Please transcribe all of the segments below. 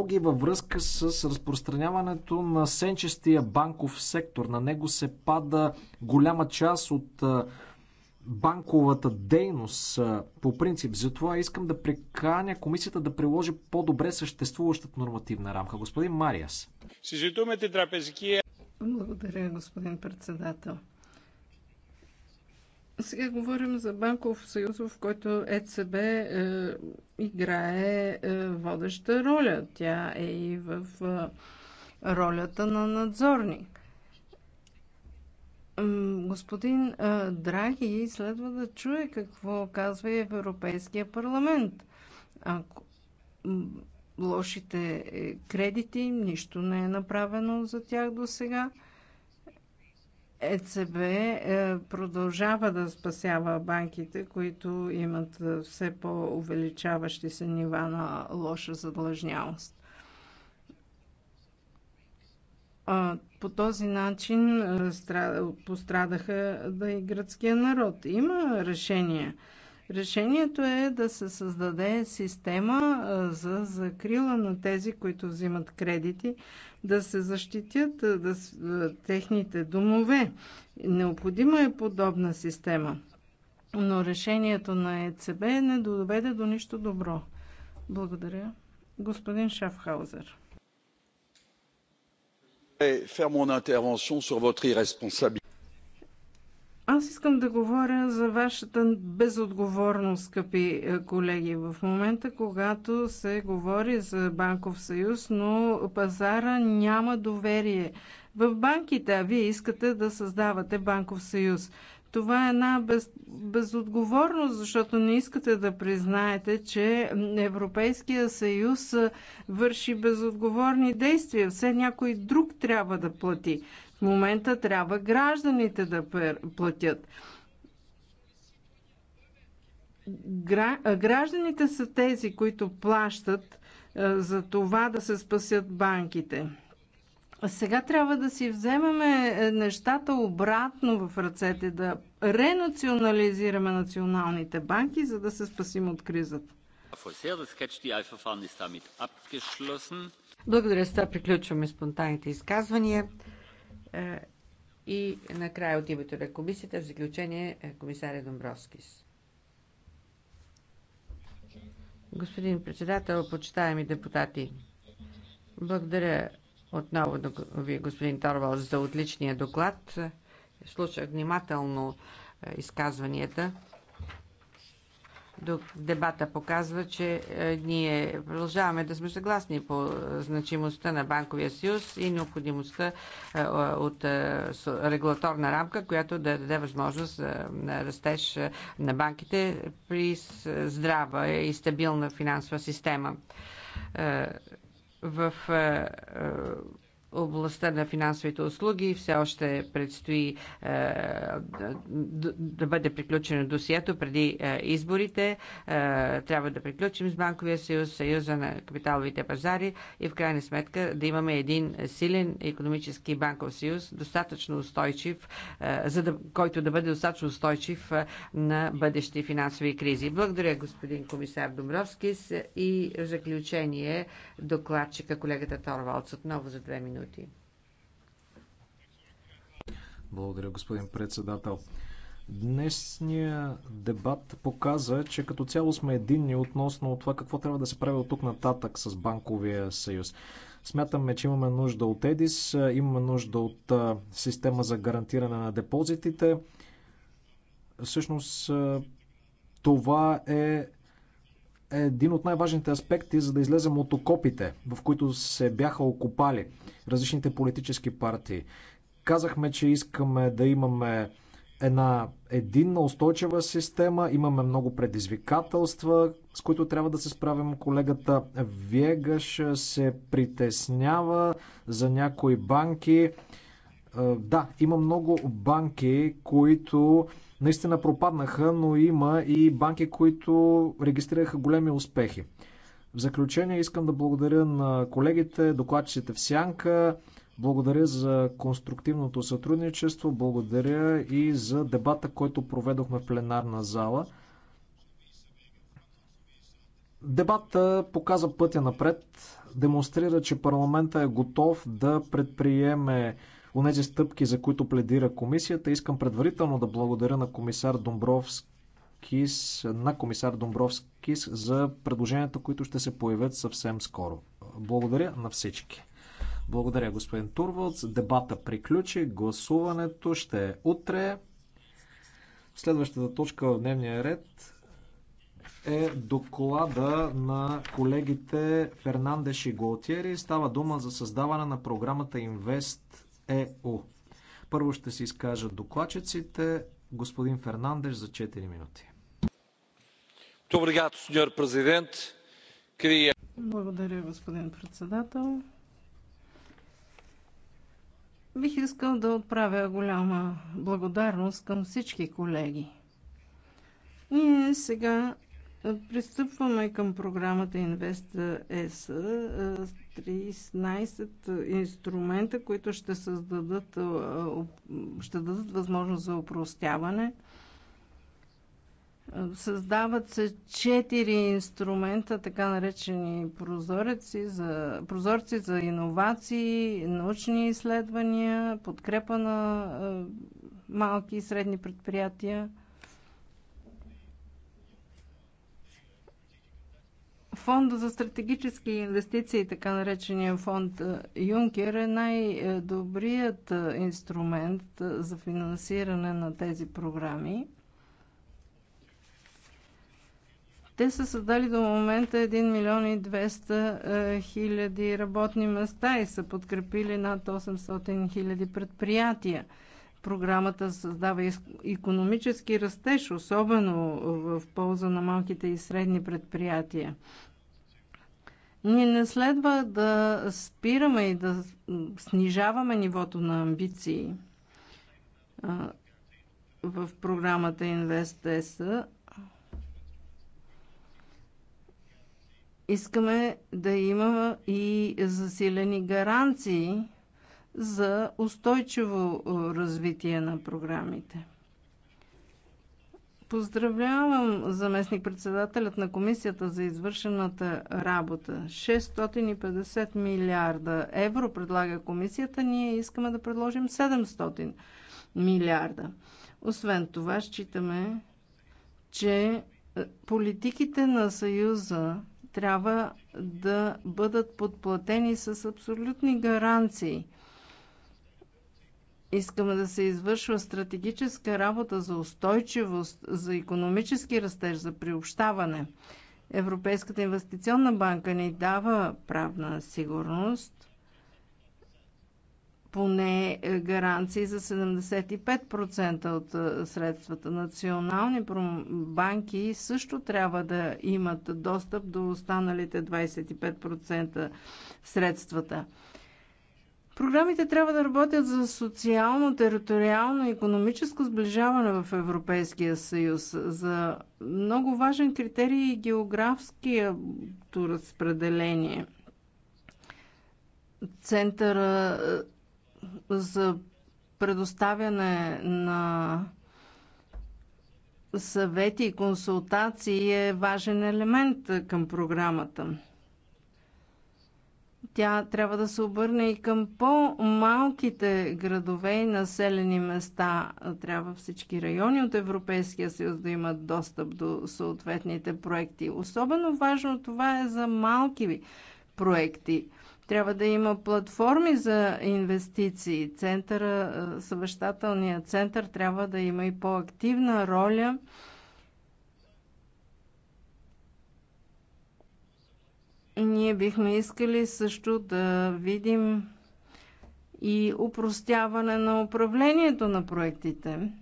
тревоги във връзка с разпространяването на сенчестия банков сектор. На него се пада голяма част от банковата дейност по принцип. Затова искам да преканя комисията да приложи по-добре съществуващата нормативна рамка. Господин Мариас. Благодаря, господин председател. Сега говорим за банков съюз, в който ЕЦБ е, играе е, водеща роля. Тя е и в е, ролята на надзорник. Господин е, Драги следва да чуе какво казва и Европейския парламент. Ако лошите е, кредити, нищо не е направено за тях до сега. ЕЦБ е, продължава да спасява банките, които имат е, все по-увеличаващи се нива на лоша задлъжнялост. По този начин е, пострадаха да и гръцкия народ. Има решения Решението е да се създаде система за закрила на тези, които взимат кредити, да се защитят да, техните домове. Необходима е подобна система. Но решението на ЕЦБ не доведе до нищо добро. Благодаря. Господин Шафхаузер. Faire mon intervention sur votre irresponsabilité. Аз искам да говоря за вашата безотговорност, скъпи е, колеги, в момента, когато се говори за банков съюз, но пазара няма доверие в банките, а вие искате да създавате банков съюз. Това е една без, безотговорност, защото не искате да признаете, че Европейския съюз върши безотговорни действия. Все някой друг трябва да плати. В момента трябва гражданите да платят. Гражданите са тези, които плащат е, за това да се спасят банките. Сега трябва да си вземеме е, нещата обратно в ръцете, да ренационализираме националните банки, за да се спасим от кризата. Благодаря, с това приключваме спонтанните изказвания. Е, и накрая от името на комисията, в заключение, е, комисаря Домбровскис. Господин председател, почитаеми депутати, благодаря отново ви, господин Торвал за отличния доклад. Слушах внимателно е, изказванията дебата показва, че е, ние продължаваме да сме съгласни по е, значимостта на Банковия съюз и необходимостта е, от регулаторна рамка, която да даде възможност на растеж на банките при здрава и стабилна финансова система. В областта на финансовите услуги все още предстои е, да, бъде приключено досието преди е, изборите. Е, трябва да приключим с Банковия съюз, Съюза на капиталовите пазари и в крайна сметка да имаме един силен економически банков съюз, достатъчно устойчив, за да, който да бъде достатъчно устойчив на бъдещи финансови кризи. Благодаря, господин комисар Домровски. И в заключение докладчика колегата Торвалц отново за две минути минути. Благодаря, господин председател. Днесния дебат показа, че като цяло сме единни относно това какво трябва да се прави от тук нататък с Банковия съюз. Смятаме, че имаме нужда от ЕДИС, имаме нужда от система за гарантиране на депозитите. Всъщност това е един от най-важните аспекти, за да излезем от окопите, в които се бяха окопали различните политически партии. Казахме, че искаме да имаме една единна устойчива система, имаме много предизвикателства, с които трябва да се справим. Колегата Вегаш се притеснява за някои банки. Е, да, има много банки, които наистина пропаднаха, но има и банки, които регистрираха големи успехи. В заключение искам да благодаря на колегите, докладчиците в Сянка, благодаря за конструктивното сътрудничество, благодаря и за дебата, който проведохме в пленарна зала. Дебата показа пътя напред, демонстрира, че парламента е готов да предприеме онези стъпки, за които пледира комисията. Искам предварително да благодаря на комисар Домбровскис, на комисар Домбровскис за предложенията, които ще се появят съвсем скоро. Благодаря на всички. Благодаря, господин Турвалц. Дебата приключи. Гласуването ще е утре. Следващата точка в дневния ред е доклада на колегите Фернандеш и Голтиери. Става дума за създаване на програмата Invest ЕУ. Първо ще се изкажат докладчиците. Господин Фернандеш за 4 минути. Благодаря, господин председател. Бих искал да отправя голяма благодарност към всички колеги. Ние сега Пристъпваме към програмата S 13 е инструмента, които ще създадат, ще дадат възможност за упростяване. Създават се 4 инструмента, така наречени прозорци за, прозорци за иновации, научни изследвания, подкрепа на малки и средни предприятия – Фонда за стратегически инвестиции, така наречения фонд е, Юнкер, е най-добрият е, инструмент е, за финансиране на тези програми. Те са създали до момента 1 милион и 200 хиляди работни места и са подкрепили над 800 хиляди предприятия. Програмата създава економически растеж, особено в полза на малките и средни предприятия. Ние не следва да спираме и да снижаваме нивото на амбиции в програмата InvestES. Искаме да има и засилени гаранции за устойчиво развитие на програмите. Поздравявам заместник-председателят на комисията за извършената работа. 650 милиарда евро предлага комисията, ние искаме да предложим 700 милиарда. Освен това, считаме, че е, политиките на Съюза трябва да бъдат подплатени с абсолютни гаранции – Искаме да се извършва стратегическа работа за устойчивост, за економически растеж, за приобщаване. Европейската инвестиционна банка ни дава правна сигурност, поне е, гаранции за 75% от е, средствата. Национални банки също трябва да имат достъп до останалите 25% средствата. Програмите трябва да работят за социално, териториално и економическо сближаване в Европейския съюз, за много важен критерий и е географското разпределение. Центъра е, за предоставяне на съвети и консултации е важен елемент към програмата. Тя трябва да се обърне и към по-малките градове и населени места. Трябва всички райони от Европейския съюз да имат достъп до съответните проекти. Особено важно това е за малки проекти. Трябва да има платформи за инвестиции. Центъра, съвещателният център трябва да има и по-активна роля – Ние бихме искали също да видим и упростяване на управлението на проектите.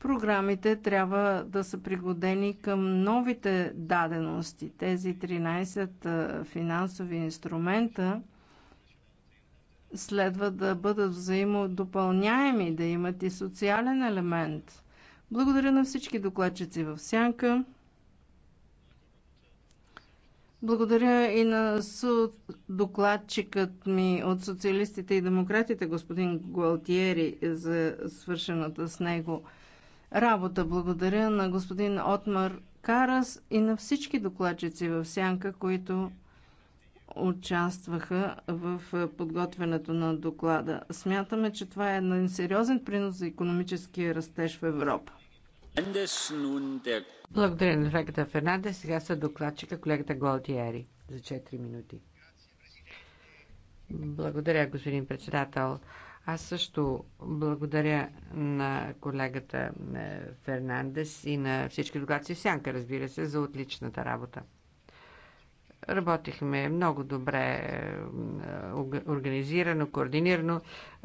Програмите трябва да са пригодени към новите дадености. Тези 13 финансови инструмента следва да бъдат взаимодопълняеми, да имат и социален елемент. Благодаря на всички докладчици в Сянка. Благодаря и на докладчикът ми от социалистите и демократите, господин Гуалтиери, за свършената с него работа. Благодаря на господин Отмар Карас и на всички докладчици в Сянка, които участваха в подготвянето на доклада. Смятаме, че това е един сериозен принос за економическия растеж в Европа. Благодаря на колегата Фернандес. Сега са докладчика колегата Голтиери за 4 минути. Благодаря, господин председател. Аз също благодаря на колегата е, Фернандес и на всички докладчици Сянка, разбира се, за отличната работа. Работихме много добре, е, е, организирано, координирано.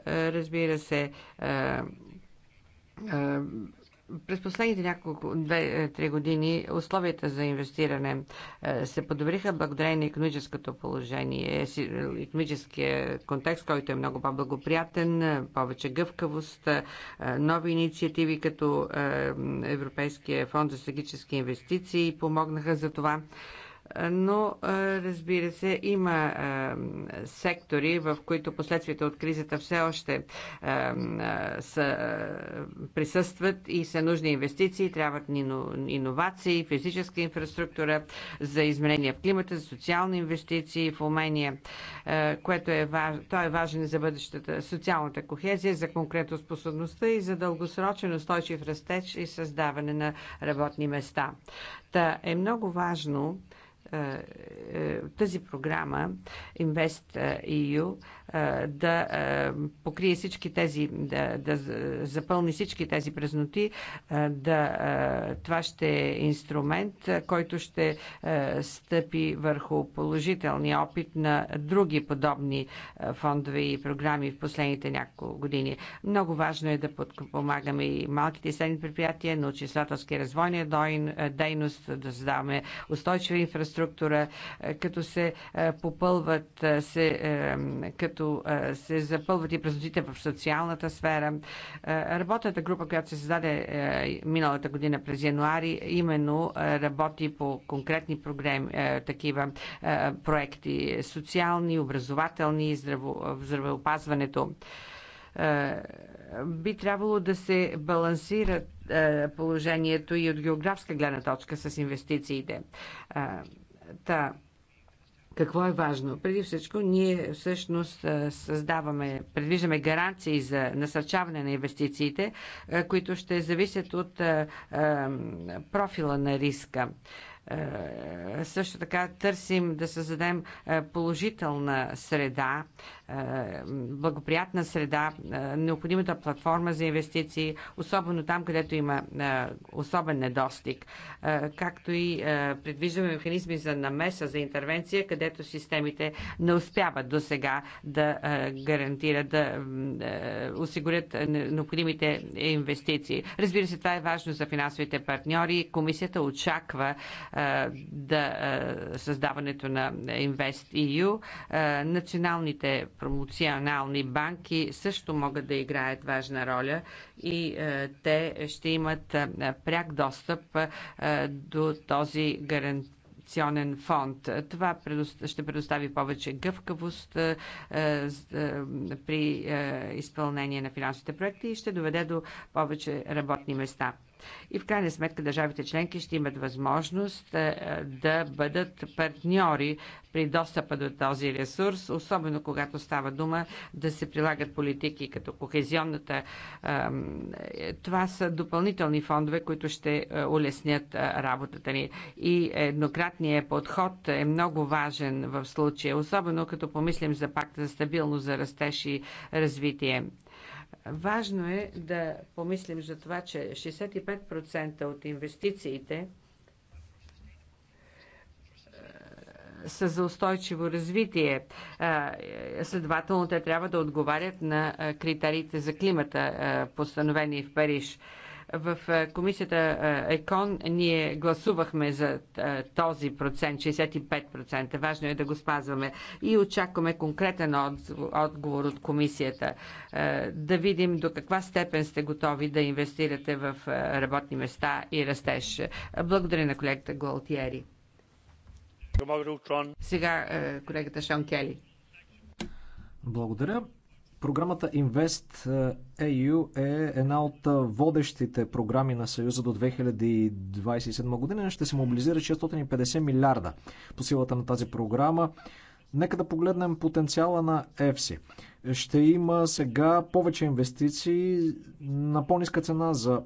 Разбира се, през последните няколко, две-три е, години условията за инвестиране е, се подобриха благодарение на економическото положение, економическия контекст, който е много по-благоприятен, е, повече гъвкавост, нови инициативи като Европейския фонд за стратегически инвестиции помогнаха за това но разбира се, има сектори, в които последствията от кризата все още са, присъстват и са нужни инвестиции, трябват ни иновации, физическа инфраструктура за изменения в климата, за социални инвестиции в умения, което е, то той е важен за бъдещата социалната кохезия, за конкретоспособността и за дългосрочен устойчив растеж и създаване на работни места. Та е много важно е, е, тази програма Invest EU е, да покрие всички тези, да, да запълни всички тези празноти. Да, това ще е инструмент, който ще стъпи върху положителния опит на други подобни фондове и програми в последните няколко години. Много важно е да подпомагаме и малките и средни предприятия, научно-изследователски развойния дейност, да създаваме устойчива инфраструктура, като се попълват се, като като се запълват и празнотите в социалната сфера. Работната група, която се създаде миналата година през януари, именно работи по конкретни програми, такива проекти, социални, образователни, здраво, здравеопазването би трябвало да се балансира положението и от географска гледна точка с инвестициите. Та, какво е важно? Преди всичко, ние всъщност създаваме, предвиждаме гаранции за насърчаване на инвестициите, които ще зависят от профила на риска. Е, също така търсим да създадем е, положителна среда, е, благоприятна среда, необходимата платформа за инвестиции, особено там, където има особен недостиг, както и предвиждаме механизми за намеса, за интервенция, където системите не успяват до сега да гарантират, да осигурят необходимите инвестиции. Разбира се, това е важно за финансовите партньори. Комисията очаква да създаването на InvestEU. Националните промоционални банки също могат да играят важна роля и те ще имат пряк достъп до този гарантиран фонд. Това ще предостави повече гъвкавост при изпълнение на финансовите проекти и ще доведе до повече работни места. И в крайна сметка държавите членки ще имат възможност е, е, да бъдат партньори при достъпа до този ресурс, особено когато става дума да се прилагат политики като кохезионната. Е, това са допълнителни фондове, които ще улеснят работата ни. И еднократният подход е много важен в случая, особено като помислим за пакта за стабилност, за растеж и развитие. Важно е да помислим за това, че 65% от инвестициите е, са за устойчиво развитие. Е, е, следователно, те трябва да отговарят на критериите за климата, постановени в Париж. В комисията ЕКОН ние гласувахме за този процент, 65%. Важно е да го спазваме и очакваме конкретен отговор от комисията. Да видим до каква степен сте готови да инвестирате в работни места и растеж. Благодаря на колегата Гуалтиери. Сега колегата Шон Кели. Благодаря. Програмата Invest EU е, е една от водещите програми на Съюза до 2027 година. Ще се мобилизира 650 милиарда по силата на тази програма. Нека да погледнем потенциала на EFSI. Ще има сега повече инвестиции на по-ниска цена за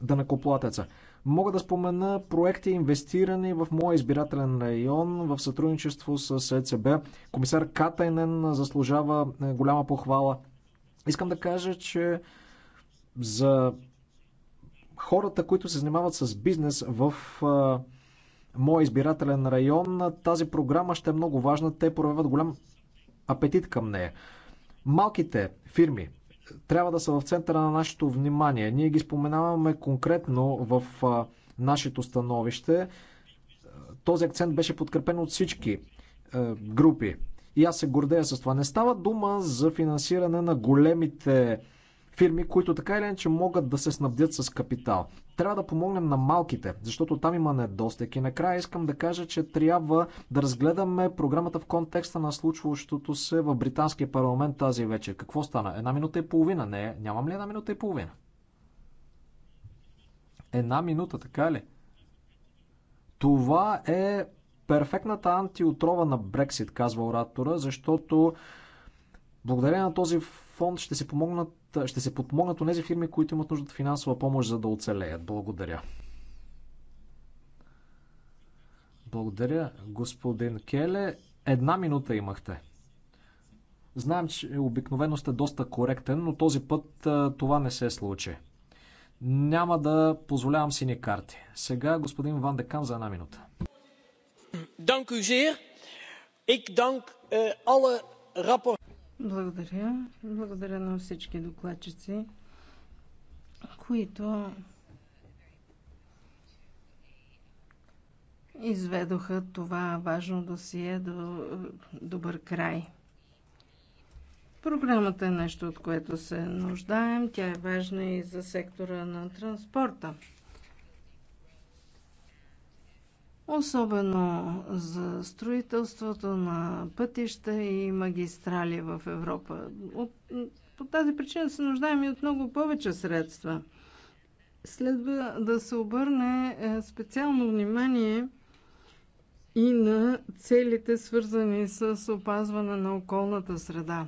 данъкоплатеца. Мога да спомена проекти инвестирани в моя избирателен район в сътрудничество с ЕЦБ. Комисар Катайнен заслужава е, голяма похвала. Искам да кажа, че за хората, които се занимават с бизнес в е, моя избирателен район, тази програма ще е много важна. Те проявяват голям апетит към нея. Малките фирми трябва да са в центъра на нашето внимание. Ние ги споменаваме конкретно в нашето становище. Този акцент беше подкрепен от всички групи. И аз се гордея с това. Не става дума за финансиране на големите фирми, които така или иначе могат да се снабдят с капитал. Трябва да помогнем на малките, защото там има недостиг. И накрая искам да кажа, че трябва да разгледаме програмата в контекста на случващото се в британския парламент тази вечер. Какво стана? Една минута и половина? Не, нямам ли една минута и половина? Една минута, така ли? Това е перфектната антиотрова на Брексит, казва оратора, защото благодарение на този фонд ще се помогнат ще се подпомогнат тези фирми, които имат нужда от финансова помощ, за да оцелеят. Благодаря. Благодаря, господин Келе. Една минута имахте. Знаем, че обикновено сте доста коректен, но този път това не се случи. Няма да позволявам сини карти. Сега господин Ван Декан за една минута. Dank u zeer. Ik dank е, alle благодаря. Благодаря на всички докладчици, които изведоха това важно досие до добър край. Програмата е нещо, от което се нуждаем. Тя е важна и за сектора на транспорта. особено за строителството на пътища и магистрали в Европа. От, по тази причина се нуждаем и от много повече средства. Следва да се обърне е, специално внимание и на целите, свързани с опазване на околната среда.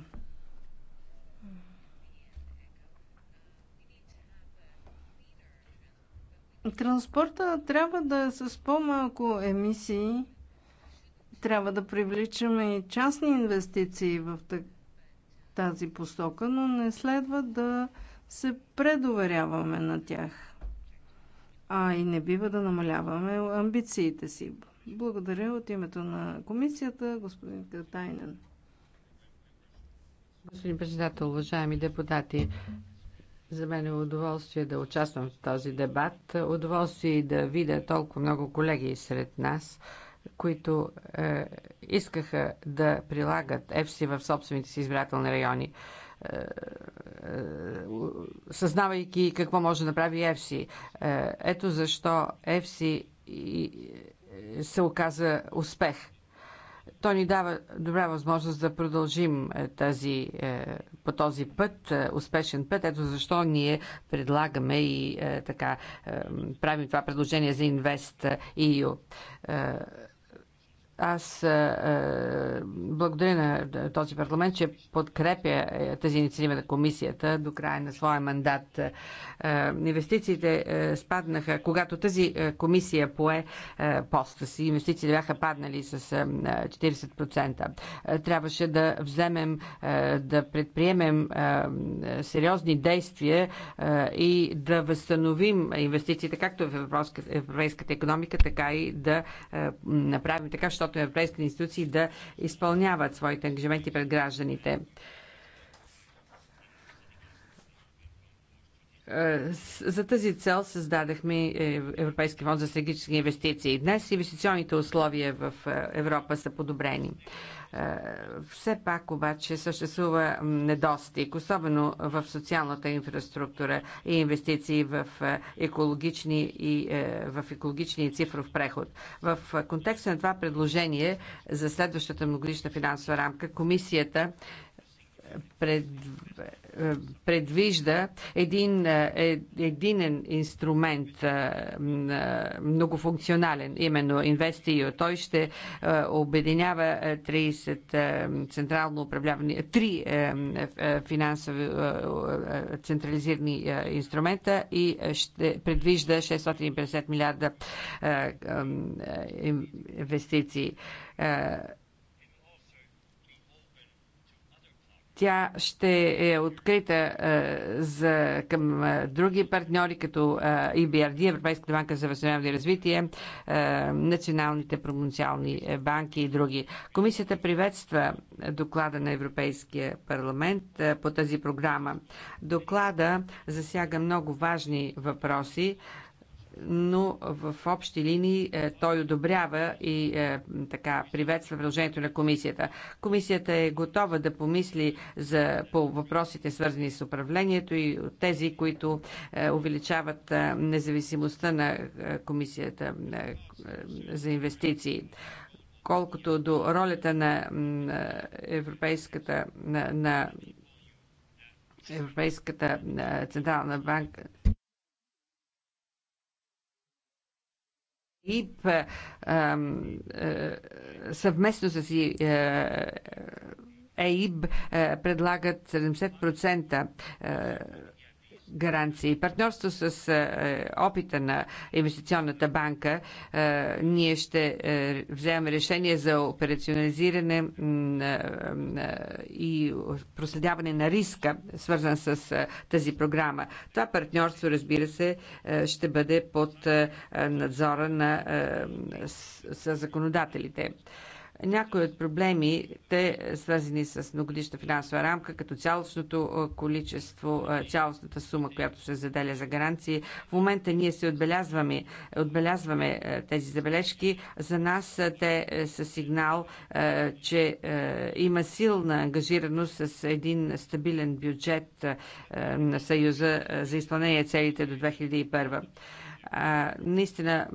Транспорта трябва да е с по-малко емисии. Трябва да привличаме и частни инвестиции в тази посока, но не следва да се предоверяваме на тях. А и не бива да намаляваме амбициите си. Благодаря от името на комисията, господин Катайнен. Господин председател, уважаеми депутати, за мен е удоволствие да участвам в този дебат. Удоволствие да видя толкова много колеги сред нас, които е, искаха да прилагат ЕФСИ в собствените си избирателни райони е, е, съзнавайки какво може да направи ЕФСИ. Е, ето защо ЕФСИ се оказа успех то ни дава добра възможност да продължим е, тази, е, по този път, е, успешен път. Ето защо ние предлагаме и така правим това предложение за Invest EU. Аз е, е, благодаря на е, този парламент, че подкрепя тази инициатива на комисията до края на своя мандат. Инвестициите спаднаха, когато тази комисия пое поста си, инвестициите бяха паднали с 40%. Трябваше да вземем, да предприемем сериозни действия и да възстановим инвестициите както в европейската економика, така и да направим така, защото правото европейските институции да изпълняват своите ангажименти пред гражданите. За тази цел създадахме е, Европейски фонд за стратегически инвестиции. Днес инвестиционните условия в е, Европа са подобрени. Е, все пак обаче съществува недостиг, особено в социалната инфраструктура и инвестиции в екологични и в екологичния и цифров преход. В контекста на това предложение за следващата многогодишна финансова рамка комисията пред, е, предвижда един е, единен инструмент, е, многофункционален, именно InvestEU. Той ще обединява 30 централно управлявани, три финансови централизирани инструмента и ще предвижда 650 милиарда инвестиции. Тя ще е открита е, за, към е, други партньори, като EBRD, е, Европейската банка за възстановяване и развитие, националните провинциални банки и други. Комисията приветства доклада на Европейския парламент по тази програма. Доклада засяга много важни въпроси, но в общи линии е, той одобрява и е, така приветства предложението на комисията. Комисията е готова да помисли за, по въпросите свързани с управлението и тези, които е, увеличават независимостта на комисията за инвестиции колкото до ролята на, на Европейската, на, на Европейската Централна банка. ИП съвместно с ЕИБ предлагат 70% гаранции. Партньорство с е, опита на инвестиционната банка е, ние ще е, вземем решение за операционализиране и проследяване на риска, свързан с тази програма. Това партньорство, разбира се, ще бъде под надзора на законодателите. Някои от проблемите, свързани с многодишна финансова рамка, като цялостното количество, цялостната сума, която се заделя за гаранции, в момента ние се отбелязваме, отбелязваме тези забележки. За нас те са сигнал, че има силна ангажираност с един стабилен бюджет на Съюза за изпълнение целите до 2001. А, наистина,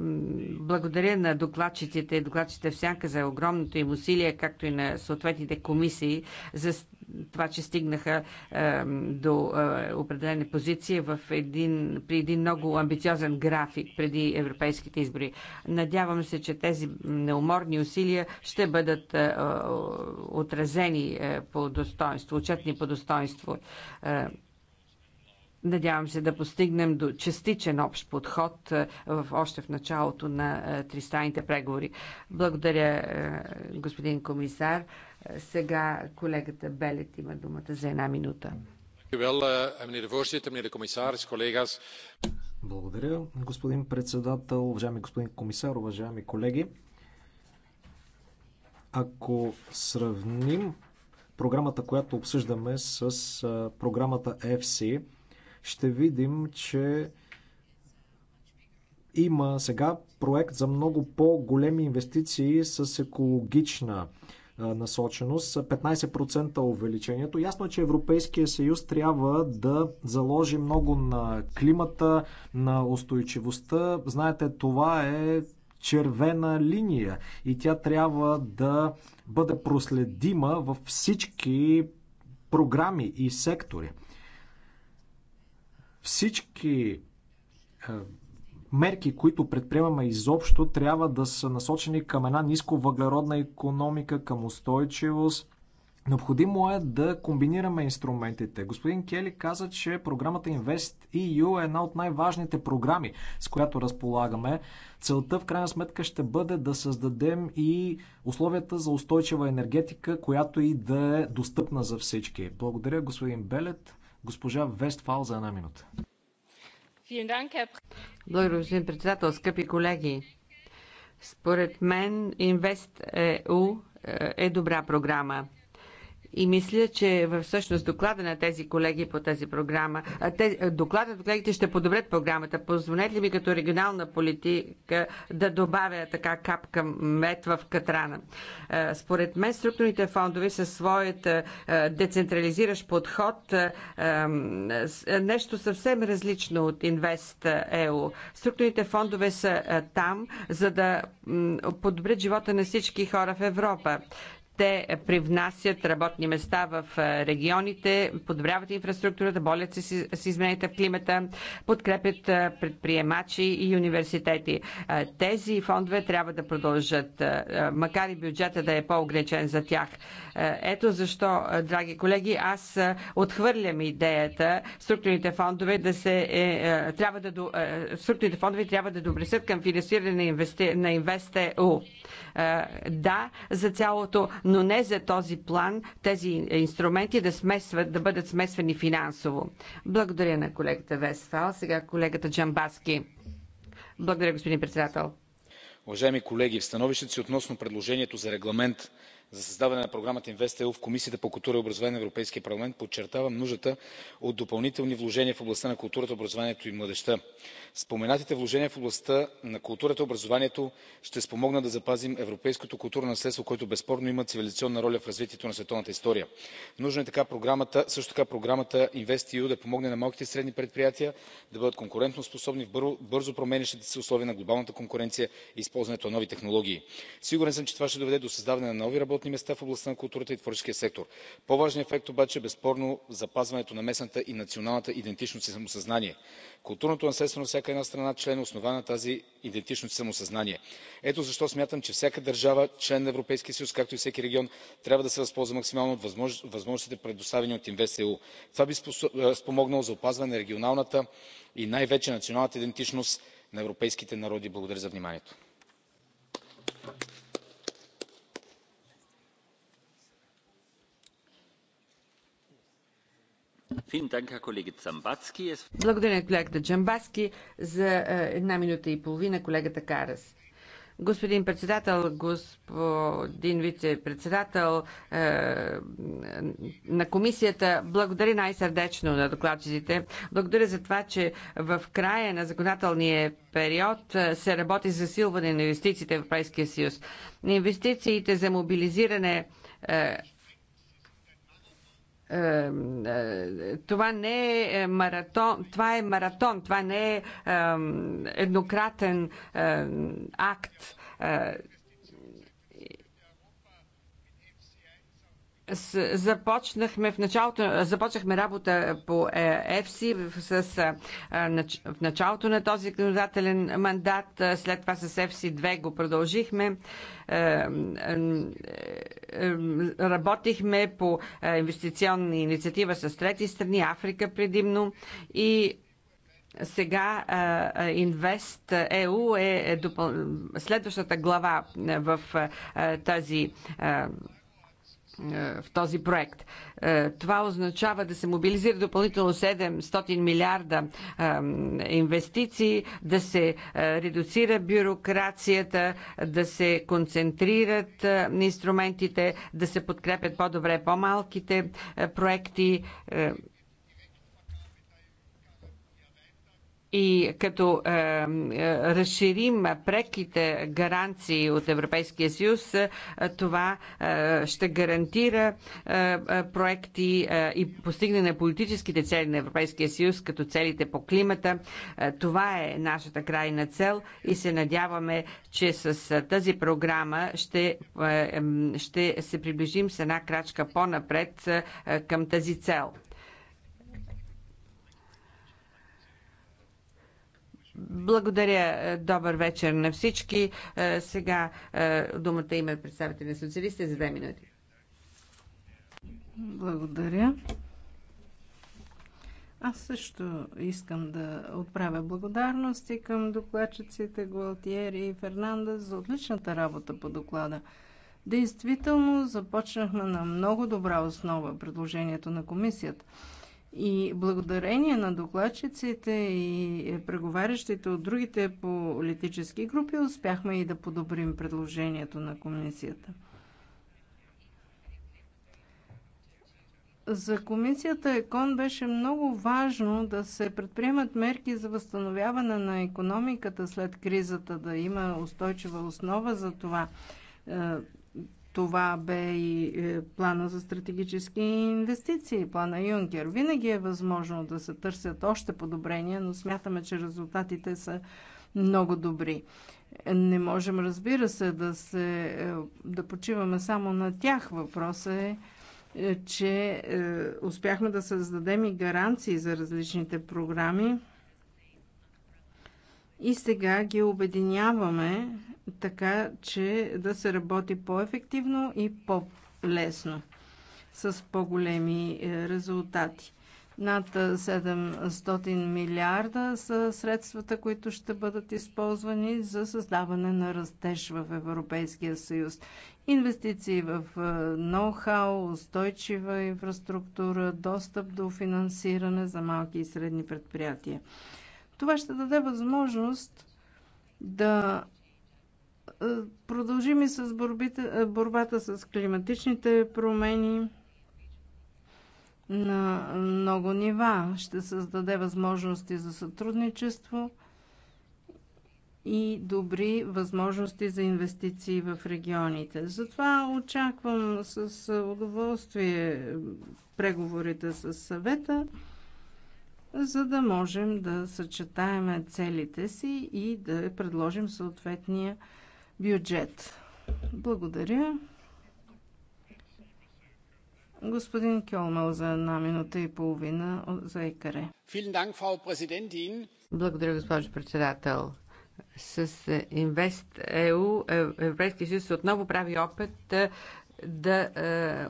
благодаря на докладчиците и докладчите всяка сянка за огромното им усилие, както и на съответните комисии за това, че стигнаха до е, определени позиции в един, при един много амбициозен график преди европейските избори. Надявам се, че тези неуморни усилия ще бъдат отразени по достоинство, отчетни по достоинство. Надявам се да постигнем до частичен общ подход е, в, още в началото на е, тристайните преговори. Благодаря, е, господин комисар. Сега колегата Белет има думата за една минута. Благодаря, господин председател, уважаеми господин комисар, уважаеми колеги. Ако сравним програмата, която обсъждаме с програмата EFSI, ще видим, че има сега проект за много по-големи инвестиции с екологична насоченост, 15% увеличението. Ясно е, че Европейския съюз трябва да заложи много на климата, на устойчивостта. Знаете, това е червена линия и тя трябва да бъде проследима във всички програми и сектори. Всички е, мерки, които предприемаме изобщо, трябва да са насочени към една ниско въглеродна економика, към устойчивост. Необходимо е да комбинираме инструментите. Господин Кели каза, че програмата Invest EU е една от най-важните програми, с която разполагаме. Целта в крайна сметка ще бъде да създадем и условията за устойчива енергетика, която и да е достъпна за всички. Благодаря, господин Белет. Госпожа Вестфал за една минута. Благодаря, господин председател. Скъпи колеги, според мен InvestEU е, е добра програма. И мисля, че всъщност доклада на тези колеги по тази програма, доклада на колегите ще подобрят програмата. Позвонете ли ми като регионална политика да добавя така капка мед в катрана? Според мен структурните фондове със своят децентрализиращ подход нещо съвсем различно от Инвест ЕО. Структурните фондове са там, за да подобрят живота на всички хора в Европа. Те привнасят работни места в е, регионите, подобряват инфраструктурата, болят се с измененията в климата, подкрепят е, предприемачи и университети. Е, тези фондове трябва да продължат, макар и бюджета да е по-ограничен за тях. Ето защо, драги колеги, аз отхвърлям идеята структурните фондове да се трябва да структурните фондове трябва да добресят към финансиране на, инвесте, на у. Е, да, за цялото, но не за този план, тези инструменти да, смесват, да бъдат смесвани финансово. Благодаря на колегата Весфал. Сега колегата Джамбаски. Благодаря, господин председател. Уважаеми колеги, в становището си относно предложението за регламент за създаване на програмата investeu в комисията по културата и образованието на европейския парламент подчертавам нуждата от допълнителни вложения в областта на културата образованието и младежта. споменатите вложения в областта на културата и образованието ще спомогнат да запазим европейското културно наследство което безспорно има цивилизационна роля в развитието на световната история. нужно е също така програмата investeu да помогне на малките и средни предприятия да бъдат конкурентоспособни в бързо променящите се условия на глобалната конкуренция и използването на нови технологии. сигурен съм че това ще доведе до създаване на нови работни места в областта на културата и творческия сектор. по важният ефект обаче е безспорно е запазването на местната и националната идентичност и самосъзнание. културното наследство на всяка една страна член е основа на тази идентичност и самосъзнание. ето защо смятам че всяка държава член на европейския съюз както и всеки регион трябва да се възползва максимално от възможностите предоставени от инвестeu. това би е, спомогнало за опазване на регионалната и най вече националната идентичност на европейските народи. благодаря за вниманието. Благодаря на колегата Джамбаски за е, една минута и половина колегата Карас. Господин председател, господин вице-председател е, на комисията, благодаря най-сърдечно на докладчиците. Благодаря за това, че в края на законодателния период е, се работи за силване на инвестициите в Европейския съюз. Инвестициите за мобилизиране е, е, това не е маратон, това е маратон, това не е еднократен акт. Е, започнахме в началото, започнахме работа по е, ЕФС с, в началото на този законодателен мандат, след това с ЕФСИ 2 го продължихме. Работихме по е, инвестиционна инициатива с трети страни, Африка предимно и сега Инвест ЕУ е, е следващата глава в тази е, в този проект. Е, това означава да се мобилизира допълнително 700 милиарда е, инвестиции, да се редуцира бюрокрацията, да се концентрират инструментите, да се подкрепят по-добре по-малките проекти. И като е, е, разширим преките гаранции от Европейския съюз, е, това е, ще гарантира е, е, проекти е, и постигне на политическите цели на Европейския съюз, като целите по климата. Е, това е нашата крайна цел и се надяваме, че с е, тази програма ще, е, ще се приближим с една крачка по-напред е, е към тази цел. Благодаря. Е, добър вечер на всички. Е, сега е, думата има представители на социалистите за две минути. Благодаря. Аз също искам да отправя благодарности към докладчиците Гуалтиери и Фернанда за отличната работа по доклада. Действително започнахме на много добра основа предложението на комисията – и благодарение на докладчиците и преговарящите от другите политически групи успяхме и да подобрим предложението на комисията. За комисията ЕКОН беше много важно да се предприемат мерки за възстановяване на економиката след кризата, да има устойчива основа за това е, това бе и е, плана за стратегически инвестиции, плана Юнкер. Винаги е възможно да се търсят още подобрения, но смятаме, че резултатите са много добри. Не можем, разбира се, да, се, е, да почиваме само на тях. Въпросът е, е че успяхме да създадем и гаранции за различните програми. И сега ги обединяваме така, че да се работи по-ефективно и по-лесно, с по-големи е, резултати. Над 700 е, милиарда са средствата, които ще бъдат използвани за създаване на растеж в Европейския съюз. Инвестиции в е, ноу-хау, устойчива инфраструктура, достъп до финансиране за малки и средни предприятия. Това ще даде възможност да е, продължим и с борбите, е, борбата с климатичните промени на много нива. Ще създаде възможности за сътрудничество и добри възможности за инвестиции в регионите. Затова очаквам с удоволствие преговорите с съвета за да можем да съчетаем целите си и да предложим съответния бюджет. Благодаря. Господин Кьолмел за една минута и половина за ЕКАРЕ. Благодаря, госпожо председател. С Инвест ЕУ Европейския съюз отново прави опит е, да е,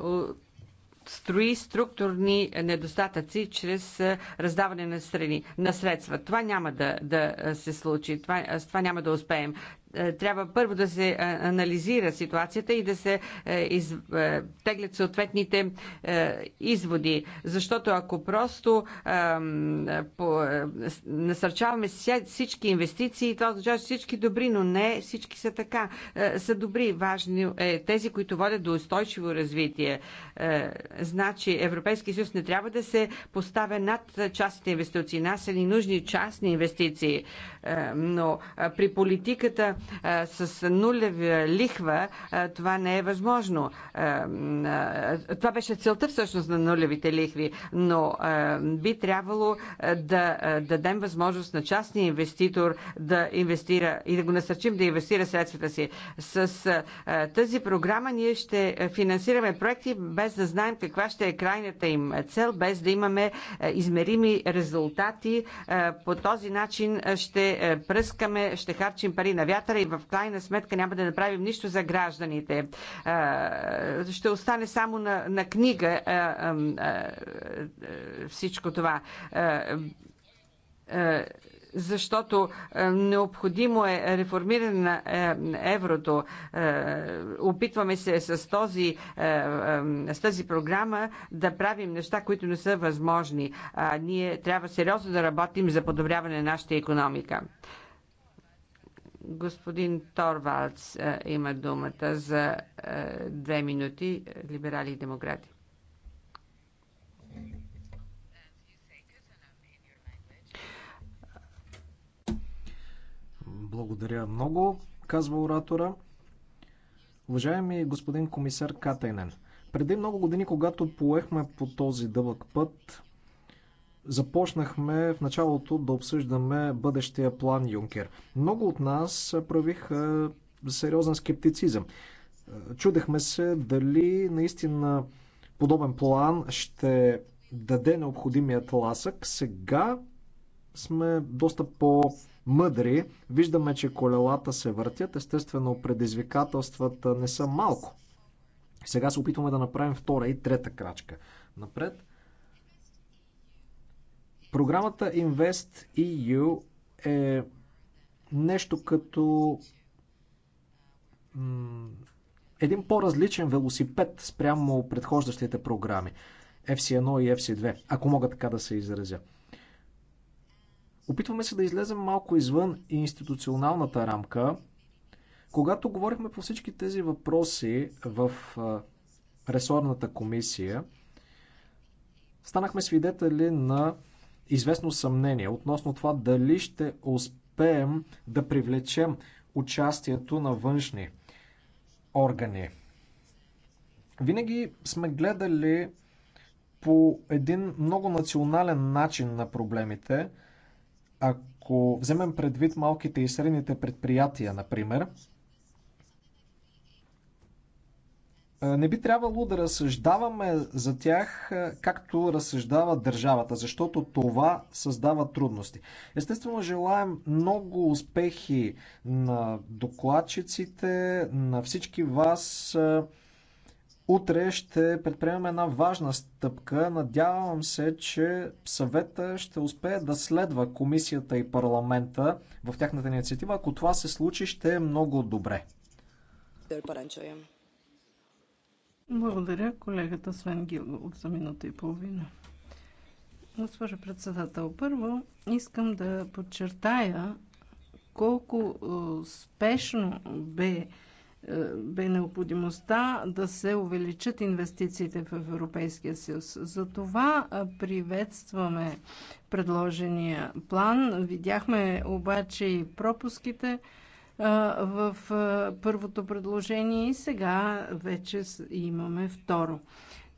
строи структурни недостатъци чрез раздаване на, страни, на средства. Това няма да, да се случи, това, с това няма да успеем. Е, трябва първо да се е, анализира ситуацията и да се е, теглят съответните изводи. Защото ако просто насърчаваме всички инвестиции, това означава, всички добри, но не всички са така. Са добри, важни е тези, които водят до устойчиво развитие. Значи Европейски съюз не трябва да се поставя над частните инвестиции. Нас са ни нужни частни инвестиции. Но при политиката с нулева лихва това не е възможно. Това беше целта всъщност на нулевите лихви, но би трябвало да дадем възможност на частния инвеститор да инвестира и да го насърчим да инвестира средствата си. С тази програма ние ще финансираме проекти без да знаем каква ще е крайната им цел, без да имаме измерими резултати. По този начин ще пръскаме, ще харчим пари на вятъра и в крайна сметка няма да направим нищо за гражданите. Ще остане само на, на книга всичко това защото необходимо е реформиране на еврото. Опитваме се с, този, с тази програма да правим неща, които не са възможни. Ние трябва сериозно да работим за подобряване на нашата економика. Господин Торвалц е, има думата за е, две минути, либерали и демократи. Благодаря много, казва оратора. Уважаеми господин комисар Катайнен, преди много години, когато поехме по този дълъг път, започнахме в началото да обсъждаме бъдещия план Юнкер. Много от нас правиха сериозен скептицизъм. Чудехме се дали наистина подобен план ще даде необходимият ласък. Сега сме доста по-мъдри. Виждаме, че колелата се въртят. Естествено, предизвикателствата не са малко. Сега се опитваме да направим втора и трета крачка. Напред. Програмата Invest EU е нещо като един по-различен велосипед спрямо предхождащите програми FC1 и FC2, ако мога така да се изразя. Опитваме се да излезем малко извън институционалната рамка. Когато говорихме по всички тези въпроси в ресорната комисия, станахме свидетели на известно съмнение относно това дали ще успеем да привлечем участието на външни органи. Винаги сме гледали по един много национален начин на проблемите. Ако вземем предвид малките и средните предприятия, например, Е, не би трябвало да разсъждаваме за тях е, както разсъждава държавата, защото това създава трудности. Естествено, желаем много успехи на докладчиците, на всички вас. Е, утре ще предприемем една важна стъпка. Надявам се, че съвета ще успее да следва комисията и парламента в тяхната инициатива. Ако това се случи, ще е много добре. Дър, благодаря колегата Свен Гилгол за минута и половина. Госпожо председател, първо искам да подчертая колко е, спешно бе, е, бе необходимостта да се увеличат инвестициите в Европейския съюз. Затова е, приветстваме предложения план. Видяхме обаче и пропуските в първото предложение и сега вече имаме второ.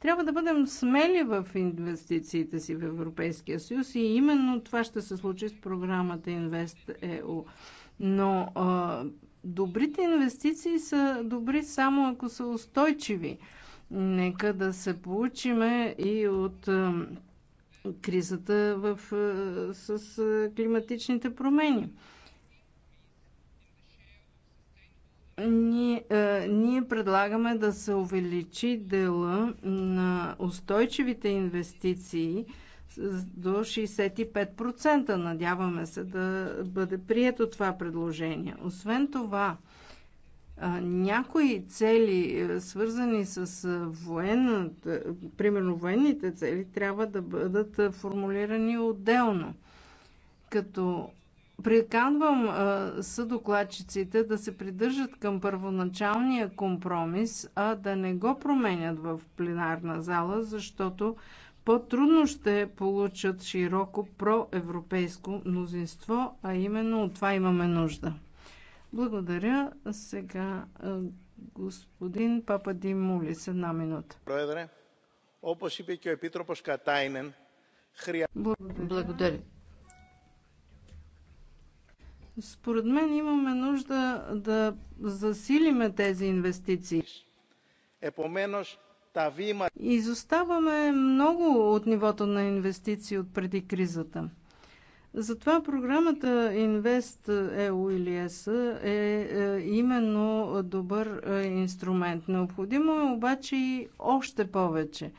Трябва да бъдем смели в инвестициите си в Европейския съюз и именно това ще се случи с програмата InvestEU. Но а, добрите инвестиции са добри само ако са устойчиви. Нека да се получиме и от а, кризата в, а, с а, климатичните промени. ние, е, ние предлагаме да се увеличи дела на устойчивите инвестиции до 65%. Надяваме се да бъде прието това предложение. Освен това, е, някои цели, е, свързани с военната, примерно военните цели, трябва да бъдат формулирани отделно. Като Приканвам съдокладчиците да се придържат към първоначалния компромис, а да не го променят в пленарна зала, защото по-трудно ще получат широко проевропейско мнозинство, а именно от това имаме нужда. Благодаря. Сега господин Папа Димулис, една минута. Благодаря. Благодаря. Според мен имаме нужда да засилиме тези инвестиции. Епоменош, Изоставаме много от нивото на инвестиции от преди кризата. Затова програмата Invest EU е или ES е, е, е именно добър инструмент. Необходимо е обаче и още повече.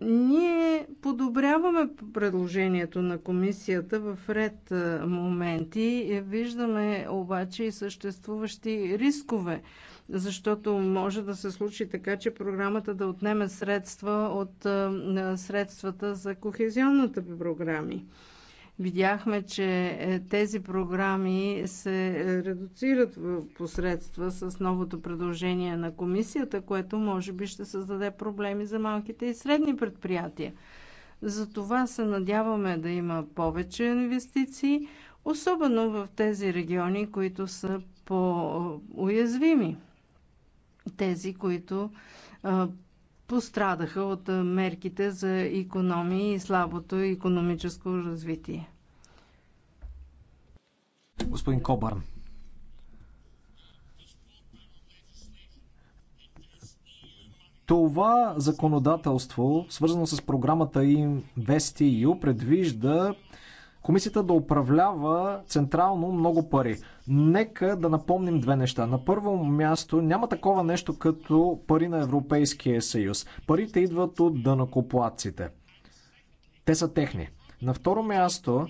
Ние подобряваме предложението на комисията в ред е, моменти. Виждаме обаче и съществуващи рискове, защото може да се случи така, че програмата да отнеме средства от е, средствата за кохезионната програми. Видяхме, че е, тези програми се е, редуцират в посредства с новото предложение на комисията, което може би ще създаде проблеми за малките и средни предприятия. Затова се надяваме да има повече инвестиции, особено в тези региони, които са по-уязвими. Тези, които пострадаха от мерките за економии и слабото економическо развитие. Господин Кобърн, Това законодателство, свързано с програмата InvestEU, предвижда комисията да управлява централно много пари. Нека да напомним две неща. На първо място няма такова нещо като пари на Европейския съюз. Парите идват от дънакоплаците. Те са техни. На второ място,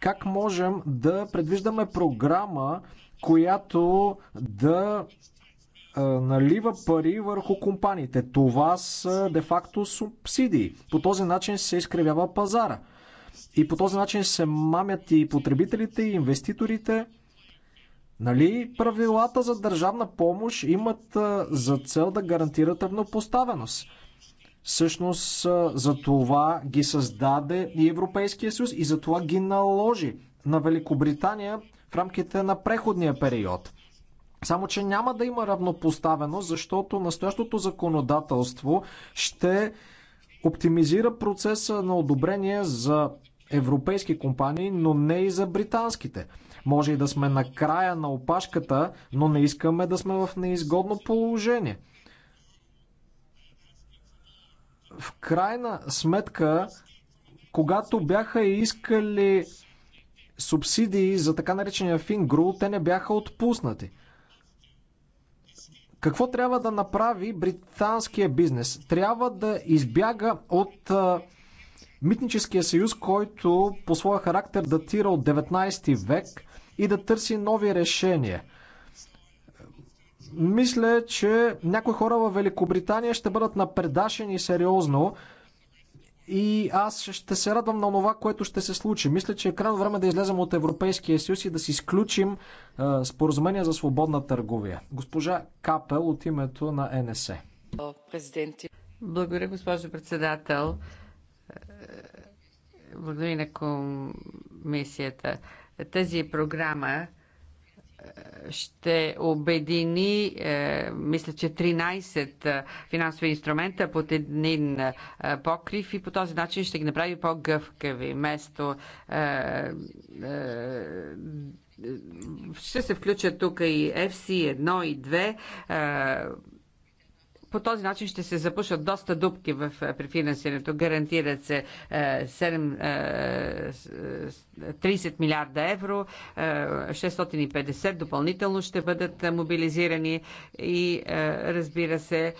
как можем да предвиждаме програма, която да налива пари върху компаниите. Това са де-факто субсидии. По този начин се изкривява пазара. И по този начин се мамят и потребителите, и инвеститорите. Нали правилата за държавна помощ имат за цел да гарантират равнопоставеност? Всъщност за това ги създаде и Европейския съюз и за това ги наложи на Великобритания в рамките на преходния период. Само, че няма да има равнопоставеност, защото настоящото законодателство ще оптимизира процеса на одобрение за европейски компании, но не и за британските. Може и да сме на края на опашката, но не искаме да сме в неизгодно положение. В крайна сметка, когато бяха искали субсидии за така наречения Фингру, те не бяха отпуснати – какво трябва да направи британския бизнес? Трябва да избяга от митническия съюз, който по своя характер датира от 19 век и да търси нови решения. Мисля, че някои хора в Великобритания ще бъдат напредашени сериозно и аз ще се радвам на това, което ще се случи. Мисля, че е крайно време да излезем от Европейския съюз и да си изключим е, споразумение за свободна търговия. Госпожа Капел от името на НСЕ. Благодаря, госпожо председател. Благодаря на комисията. Тази програма ще обедини, е, мисля, че 13 е, финансови инструмента под един е, покрив и по този начин ще ги направи по-гъвкави. Место ще се включат тук и FC 1 и 2 по този начин ще се запушат доста дупки в, е, при финансирането. Гарантират се 7, е, 30 е, милиарда евро, 650 допълнително ще бъдат мобилизирани и разбира се,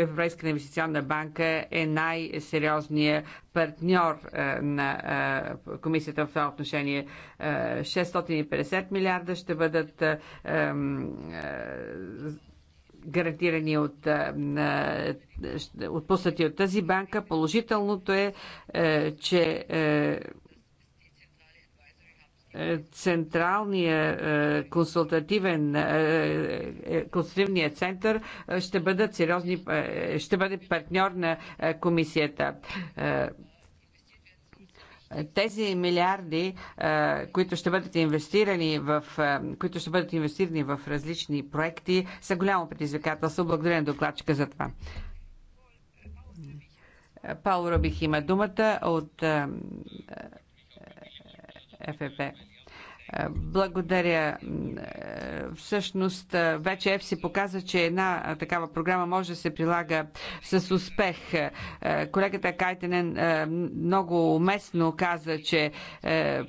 Европейска инвестиционна банка е най-сериозният партньор на комисията в това отношение. 650 милиарда ще бъдат гарантирани от отпуснати от тази банка. Положителното е, е че е, е, Централния консултативен консултативния център ще бъдат сериозни, ще бъде партньор на комисията. Тези милиарди, е, които ще бъдат инвестирани в, е, които ще бъдат инвестирани в различни проекти, са голямо предизвикателство. Благодаря на докладчика за това. Пауро бих има думата от е, ФП. Благодаря. Всъщност, вече ЕФСИ показа, че една такава програма може да се прилага с успех. Колегата Кайтенен е, много уместно каза, че е,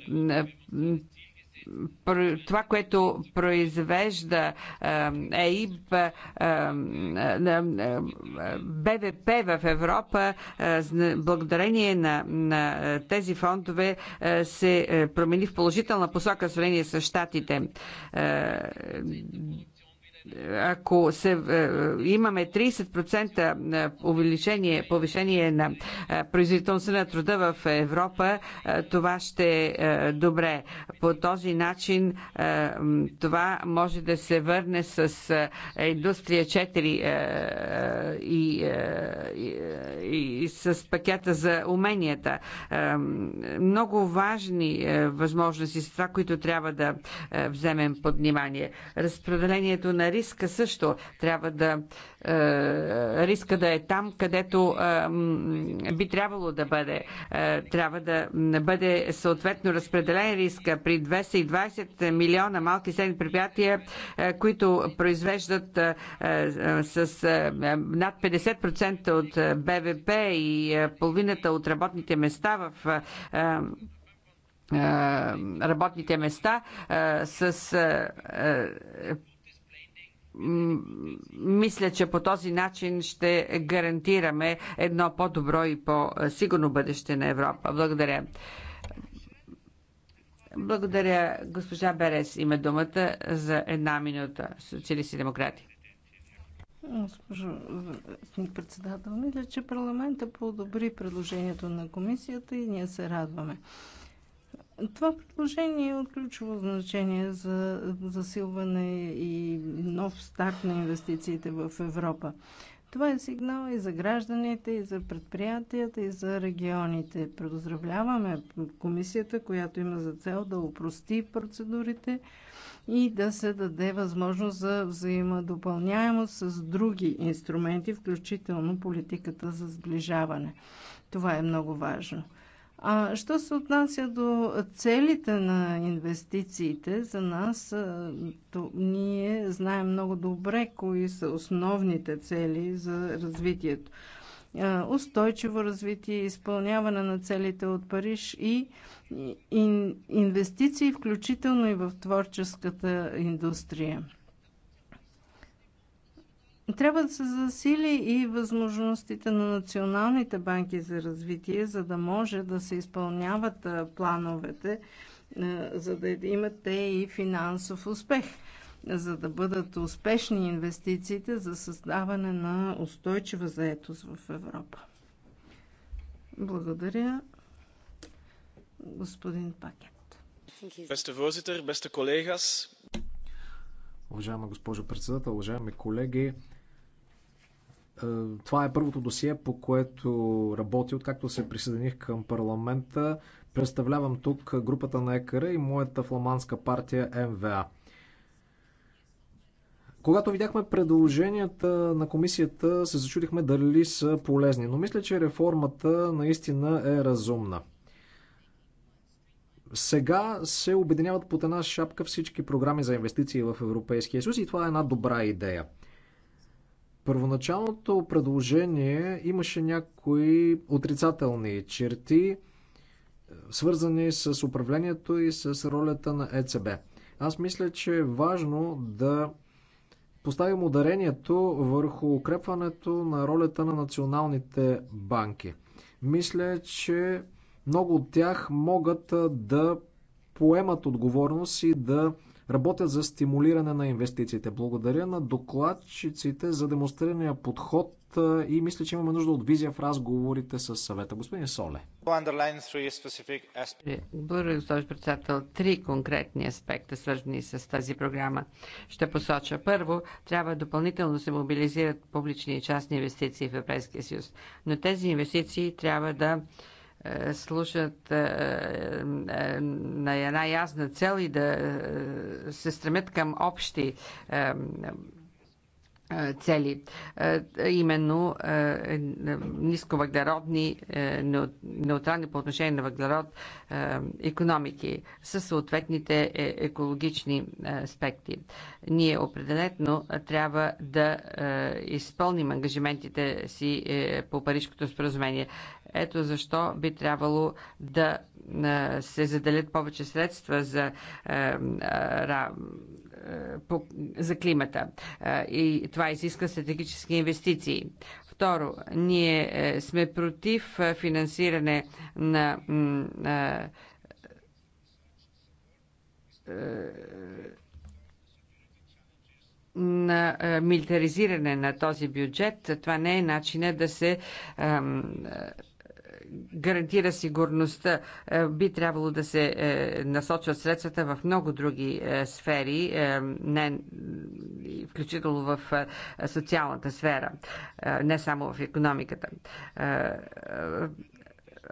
това, което произвежда ЕИБ, БВП в Европа, благодарение на, на тези фондове, се е, промени в положителна посока в сравнение с щатите ако се, е, е, имаме 30% е, увеличение, повишение на производителността на труда в Европа, това ще е добре. По този начин това може да се върне с индустрия 4 и, и, и с пакета за уменията. Много важни възможности са това, които трябва да вземем под внимание. Разпределението на риска също трябва да. Е, риска да е там, където е, би трябвало да бъде. Е, трябва да бъде съответно разпределен риска при 220 милиона малки и средни предприятия, които произвеждат с над 50% от БВП и половината от работните места в работните места с мисля, че по този начин ще гарантираме едно по-добро и по-сигурно бъдеще на Европа. Благодаря. Благодаря. Госпожа Берес има думата за една минута. Социалисти демократи. Госпожо председател, мисля, че парламента подобри предложението на комисията и ние се радваме. Това предложение е от ключово значение за засилване и нов старт на инвестициите в Европа. Това е сигнал и за гражданите, и за предприятията, и за регионите. Предоздравляваме комисията, която има за цел да упрости процедурите и да се даде възможност за взаимодопълняемост с други инструменти, включително политиката за сближаване. Това е много важно. А що се отнася до целите на инвестициите, за нас то, ние знаем много добре кои са основните цели за развитието. Устойчиво развитие, изпълняване на целите от Париж и инвестиции, включително и в творческата индустрия. Трябва да се засили и възможностите на националните банки за развитие, за да може да се изпълняват плановете, за да имат те и финансов успех, за да бъдат успешни инвестициите за създаване на устойчива заетост в Европа. Благодаря, господин Пакет. Бесте voorzitter, бесте колегас. Уважаема госпожо председател, уважаеми колеги, е, това е първото досие, по което работя, откакто се присъединих към парламента. Представлявам тук групата на ЕКР и моята фламандска партия МВА. Когато видяхме предложенията на комисията, се зачудихме дали са полезни, но мисля, че реформата наистина е разумна. Сега се обединяват под една шапка всички програми за инвестиции в Европейския съюз и това е една добра идея. Първоначалното предложение имаше някои отрицателни черти, е, свързани с управлението и с ролята на ЕЦБ. Аз мисля, че е важно да поставим ударението върху укрепването на ролята на националните банки. Мисля, че много от тях могат е, да поемат отговорност и да работят за стимулиране на инвестициите. Благодаря на докладчиците за демонстрирания подход и мисля, че имаме нужда от визия в разговорите с съвета. Господин Соле. Е, благодаря, госпожо председател. Три конкретни аспекта, свързани с тази програма, ще посоча. Първо, трябва допълнително се мобилизират публични и частни инвестиции в Европейския съюз. Но тези инвестиции трябва да е, служат е, е, на една ясна цел и да се стремят към общи цели. Именно нисковъглеродни, неутрални по отношение на въглерод економики със съответните екологични аспекти. Ние определено трябва да изпълним ангажиментите си по Парижското споразумение. Ето защо би трябвало да се заделят повече средства за, за климата. И това изисква стратегически инвестиции. Второ, ние е, сме против финансиране на, е, на на е, милитаризиране на този бюджет. Това не е начина да се гарантира сигурността, е, би трябвало да се е, насочват средствата в много други е, сфери, не, включително в социалната сфера, не само в економиката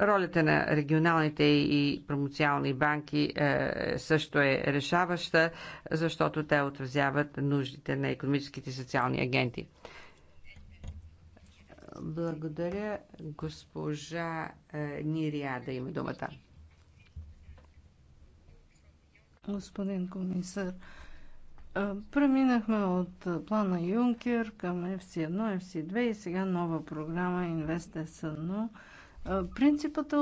ролята на регионалните и промоциални банки също е решаваща, защото те отразяват нуждите на економическите и социални агенти. Благодаря. Госпожа е, Нирия да има думата. Господин комисар, е, преминахме от плана Юнкер към FC1, FC2 и сега нова програма InvestESN. Е, принципът,